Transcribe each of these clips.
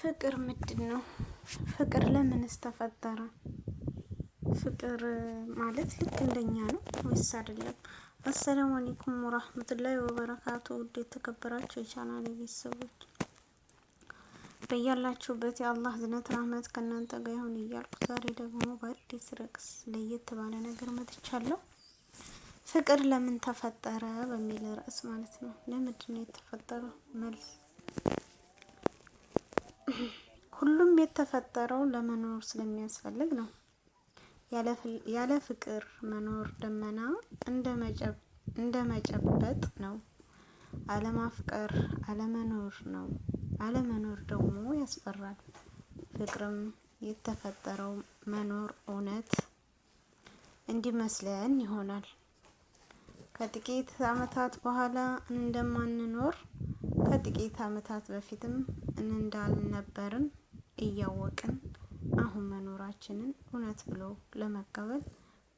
ፍቅር ምንድን ነው? ፍቅር ለምንስ ተፈጠረ? ፍቅር ማለት ልክ እንደኛ ነው ወይስ አይደለም? አሰላሙ አለይኩም ወራህመቱላሂ ወበረካቱ። ውድ የተከበራችሁ የቻናል ቤተሰቦች በያላችሁበት የአላህ ዝነት ራህመት ከእናንተ ጋር ይሁን እያልኩ ዛሬ ደግሞ በአዲስ ርዕስ ለየት ባለ ነገር መጥቻለሁ። ፍቅር ለምን ተፈጠረ በሚል ርዕስ ማለት ነው። ለምንድን ነው የተፈጠረው? መልስ ሁሉም የተፈጠረው ለመኖር ስለሚያስፈልግ ነው። ያለ ፍቅር መኖር ደመና እንደ መጨበጥ ነው። አለማፍቀር አለመኖር ነው። አለመኖር ደግሞ ያስፈራል። ፍቅርም የተፈጠረው መኖር እውነት እንዲመስለን ይሆናል። ከጥቂት ዓመታት በኋላ እንደማንኖር ከጥቂት ዓመታት በፊትም እንዳልነበርን እያወቅን አሁን መኖራችንን እውነት ብሎ ለመቀበል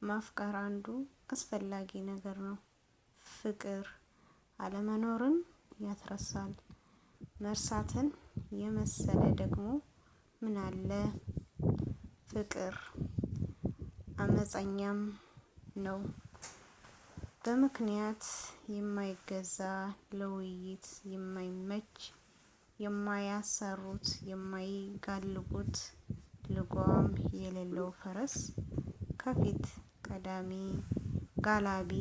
ማፍቀር አንዱ አስፈላጊ ነገር ነው። ፍቅር አለመኖርን ያትረሳል መርሳትን የመሰለ ደግሞ ምን አለ? ፍቅር አመፀኛም ነው። በምክንያት የማይገዛ ለውይይት የማይመች የማያሰሩት የማይጋልቡት ልጓም የሌለው ፈረስ ከፊት ቀዳሚ ጋላቢ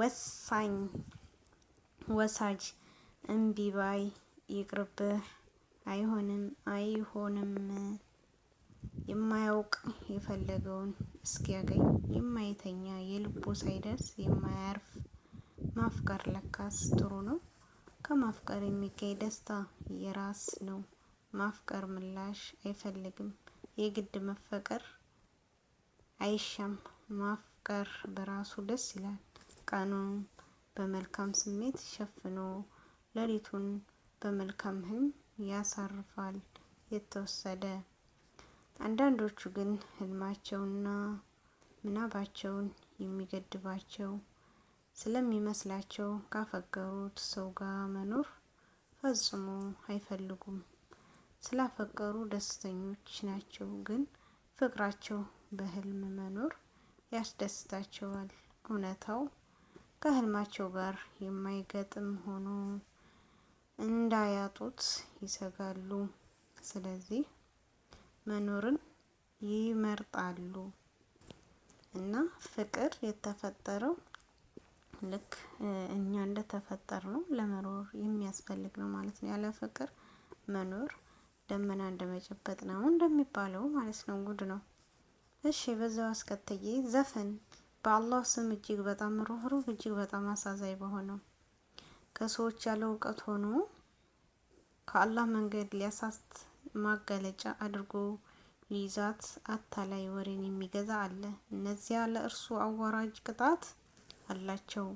ወሳኝ ወሳጅ እምቢባይ ይቅርብህ አይሆንም አይሆንም የማያውቅ የፈለገውን እስኪያገኝ የማይተኛ የልቡ ሳይደርስ የማያርፍ ማፍቀር ለካስ ጥሩ ነው። ከማፍቀር የሚገኝ ደስታ የራስ ነው። ማፍቀር ምላሽ አይፈልግም፣ የግድ መፈቀር አይሻም። ማፍቀር በራሱ ደስ ይላል። ቀኑን በመልካም ስሜት ሸፍኖ ሌሊቱን በመልካም ህልም ያሳርፋል። የተወሰደ አንዳንዶቹ ግን ህልማቸውና ምናባቸውን የሚገድባቸው ስለሚመስላቸው ካፈቀሩት ሰው ጋር መኖር ፈጽሞ አይፈልጉም። ስላፈቀሩ ደስተኞች ናቸው፣ ግን ፍቅራቸው በህልም መኖር ያስደስታቸዋል። እውነታው ከህልማቸው ጋር የማይገጥም ሆኖ እንዳያጡት ይሰጋሉ። ስለዚህ መኖርን ይመርጣሉ እና ፍቅር የተፈጠረው ልክ እኛ እንደተፈጠር ነው ለመኖር የሚያስፈልግ ነው ማለት ነው። ያለ ፍቅር መኖር ደመና እንደመጨበጥ ነው እንደሚባለው ማለት ነው። ጉድ ነው። እሺ በዛው አስከተዬ ዘፈን በአላህ ስም እጅግ በጣም ሩህሩህ እጅግ በጣም አሳዛኝ በሆነው ከሰዎች ያለ እውቀት ሆኖ ከአላህ መንገድ ሊያሳስት ማገለጫ አድርጎ ሊይዛት አታላይ ወሬን የሚገዛ አለ። እነዚያ ለእርሱ አዋራጅ ቅጣት አላቸው።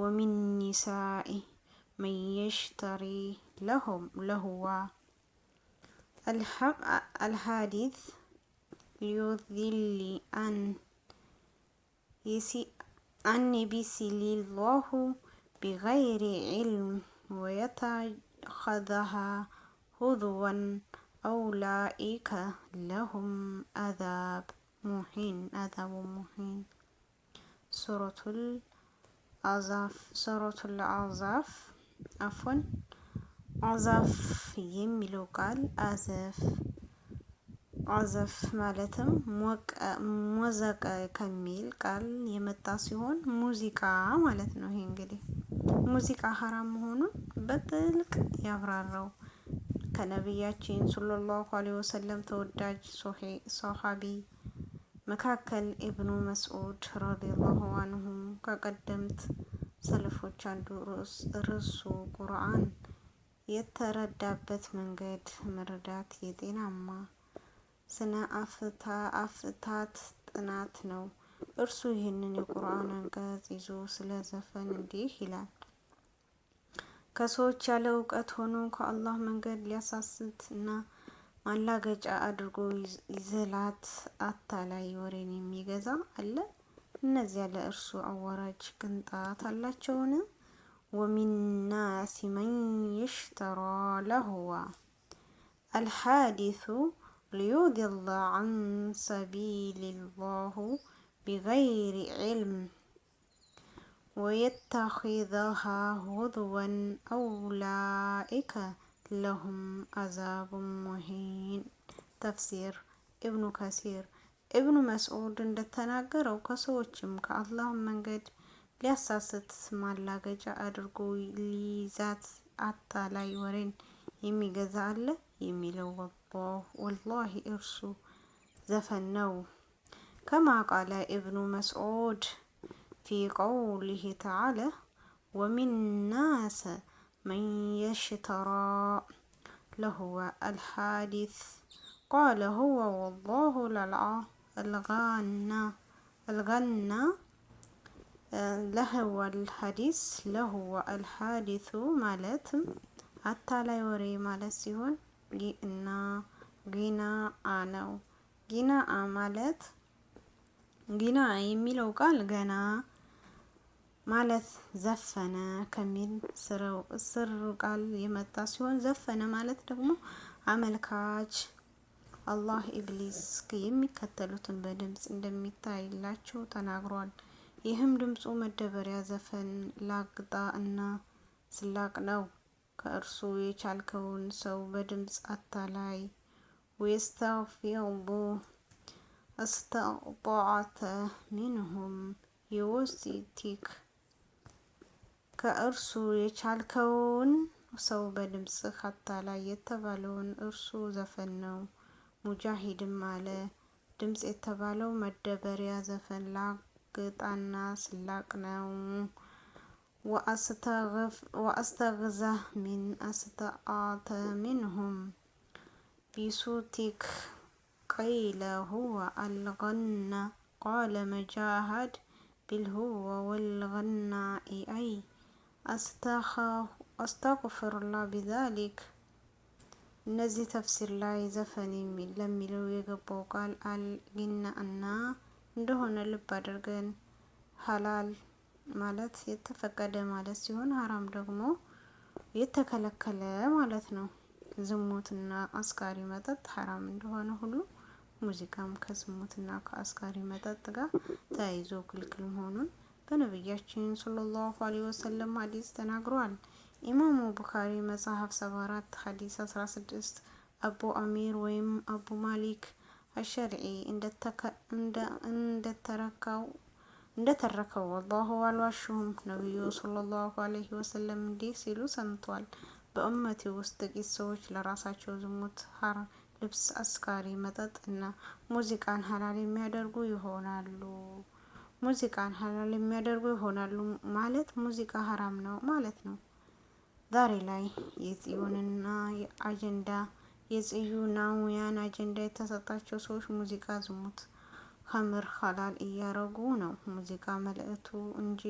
ወሚን ኒሳኢ መየሽተሪ ለሆም ለሁዋ አልሃዲት ሊዩዚሊ አን ቢሲሊላሁ ቢገይሪ ዒልም ወየተኸዛሃ ሁዝወን አውላኢከ ለሁም አዛብ ሙሂን አዛቡ ሙሂን ሱረቱል አዛፍ ሱረቱል አዛፍ አፎን አዛፍ የሚለው ቃል አዘፍ አዘፍ ማለትም ሞዘቀ ከሚል ቃል የመጣ ሲሆን ሙዚቃ ማለት ነው። ይሄ እንግዲህ ሙዚቃ ሀራም መሆኑን በጥልቅ ያብራራው ከነቢያችን ሰለላሁ አለይሂ ወሰለም ተወዳጅ ሶሓቢ መካከል ኢብኑ መስዑድ ረዲየላሁ አንሁ ከቀደምት ሰልፎች አንዱ ርዕሱ ቁርአን የተረዳበት መንገድ መረዳት የጤናማ ስነ አፍታት ጥናት ነው። እርሱ ይህንን የቁርአን አንቀጽ ይዞ ስለ ዘፈን እንዲህ ይላል። ከሰዎች ያለ እውቀት ሆኖ ከአላህ መንገድ ሊያሳስት እና ማላገጫ አድርጎ ይዘላት አታላይ ወሬን የሚገዛ አለ። እነዚያ ለእርሱ አዋራጅ ቅንጣት አላቸውን? ወሚናሲ መን የሽተራ ለሁዋ አልሓዲሱ ሊዩድላ ዐን ሰቢልላሁ ቢገይሪ ዕልም ወየተኺዘሃ ሁዝወን አውላኢከ ለሁም አዛቡ ሙሂን። ተፍሲር ኢብኑ ከሲር ኢብኑ መስዑድ እንደተናገረው ከሰዎችም ከአላህ መንገድ ሊያሳስት ማላገጫ አድርጎ ሊይዛት ላይ ወሬን የሚገዛ አለ የሚለው ወላሂ እርሱ ዘፈን ነው። ከማቃለ ኢብኑ መስዑድ في قوله تعالى ومن الناس من يشترى لهو الحادث قال هو والله للع الغنى الغنى ለህወ አልሐዲስ ለህወ አልሐዲሱ ማለት አታላይ ወሬ ማለት ሲሆን እና ጊና አ ነው። ጊና አ ማለት ጊና የሚለው ቃል ገና ማለት ዘፈነ ከሚል ስር ቃል የመጣ ሲሆን ዘፈነ ማለት ደግሞ አመልካች አላህ ኢብሊስ የሚከተሉትን በድምጽ እንደሚታይላቸው ተናግሯል። ይህም ድምጹ መደበሪያ ዘፈን ላግጣ እና ስላቅ ነው። ከእርሱ የቻልከውን ሰው በድምጽ አታላይ ወስተፊቡ እስተጣዓተ ሚንሁም የወስቲክ ከእርሱ የቻልከውን ሰው በድምፅህ አታላይ የተባለውን እርሱ ዘፈን ነው። ሙጃሂድም አለ ድምፅ የተባለው መደበሪያ ዘፈን ላግጣና ስላቅ ነው። ወአስተግዛ ሚን አስተአተ ሚንሁም ቢሱቲክ ቀይለ ሁወ አልገና ቃለ መጃሃድ ቢልሁወ ወልገና ኢአይ አስታቁፍሩላ ቢዛሊክ እነዚህ ተፍሲር ላይ ዘፈን የሚል ለሚለው የገባው ቃል አልጊና እና እንደሆነ ልብ አድርገን ሀላል ማለት የተፈቀደ ማለት ሲሆን ሀራም ደግሞ የተከለከለ ማለት ነው። ዝሙትና አስካሪ መጠጥ ሀራም እንደሆነ ሁሉ ሙዚቃም ከዝሙትና ከአስካሪ መጠጥ ጋር ተያይዞ ክልክል መሆኑን በነቢያችን ሰለላሁ ዐለይሂ ወሰለም ሀዲስ ተናግሯል። ኢማሙ ቡኻሪ መጽሐፍ 74 ሀዲስ 16 አቡ አሚር ወይም አቡ ማሊክ አሸርዒ እንደተረከው ወላሁ አልዋሽሁም ነቢዩ ሰለላሁ ዐለይሂ ወሰለም እንዲህ ሲሉ ሰምቷል። በእመቴ ውስጥ ጥቂት ሰዎች ለራሳቸው ዝሙት፣ ሐር ልብስ፣ አስካሪ መጠጥ እና ሙዚቃን ሀላል የሚያደርጉ ይሆናሉ። ሙዚቃን ሀላል የሚያደርጉ ይሆናሉ ማለት ሙዚቃ ሀራም ነው ማለት ነው። ዛሬ ላይ የጽዮንና አጀንዳ የጽዮናውያን አጀንዳ የተሰጣቸው ሰዎች ሙዚቃ ዝሙት፣ ከምር ሀላል እያረጉ ነው። ሙዚቃ መልእቱ እንጂ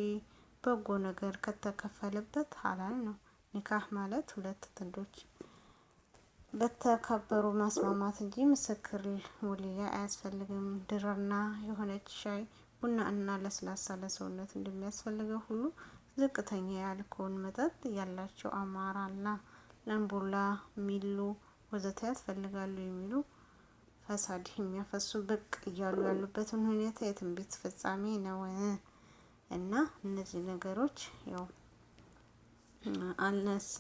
በጎ ነገር ከተከፈለበት ሀላል ነው። ኒካህ ማለት ሁለት ጥንዶች በተከበሩ ማስማማት እንጂ ምስክር ወሊያ አያስፈልግም። ድርና የሆነች ሻይ ቡና እና ለስላሳ ለሰውነት እንደሚያስፈልገው ሁሉ ዝቅተኛ የአልኮል መጠጥ ያላቸው አማራላ፣ ላምቡላ፣ ሚሉ ወዘተ ያስፈልጋሉ የሚሉ ፈሳድ የሚያፈሱ ብቅ እያሉ ያሉበትን ሁኔታ የትንቢት ፍጻሜ ነው እና እነዚህ ነገሮች ያው አነስ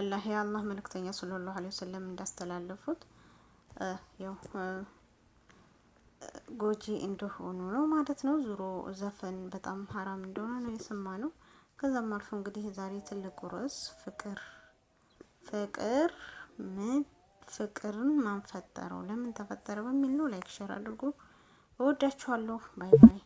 አላህ የአላህ መልእክተኛ ሰለላሁ ዐለይሂ ወሰለም እንዳስተላለፉት ያው ጎጂ እንደሆኑ ነው ማለት ነው። ዙሮ ዘፈን በጣም ሀራም እንደሆነ ነው የሰማ ነው። ከዛም አልፎ እንግዲህ ዛሬ ትልቁ ርዕስ ፍቅር ፍቅር ምን ፍቅርን ማንፈጠረው ለምን ተፈጠረ በሚል ነው። ላይክ ሸር አድርጉ። እወዳችኋለሁ። ባይ ባይ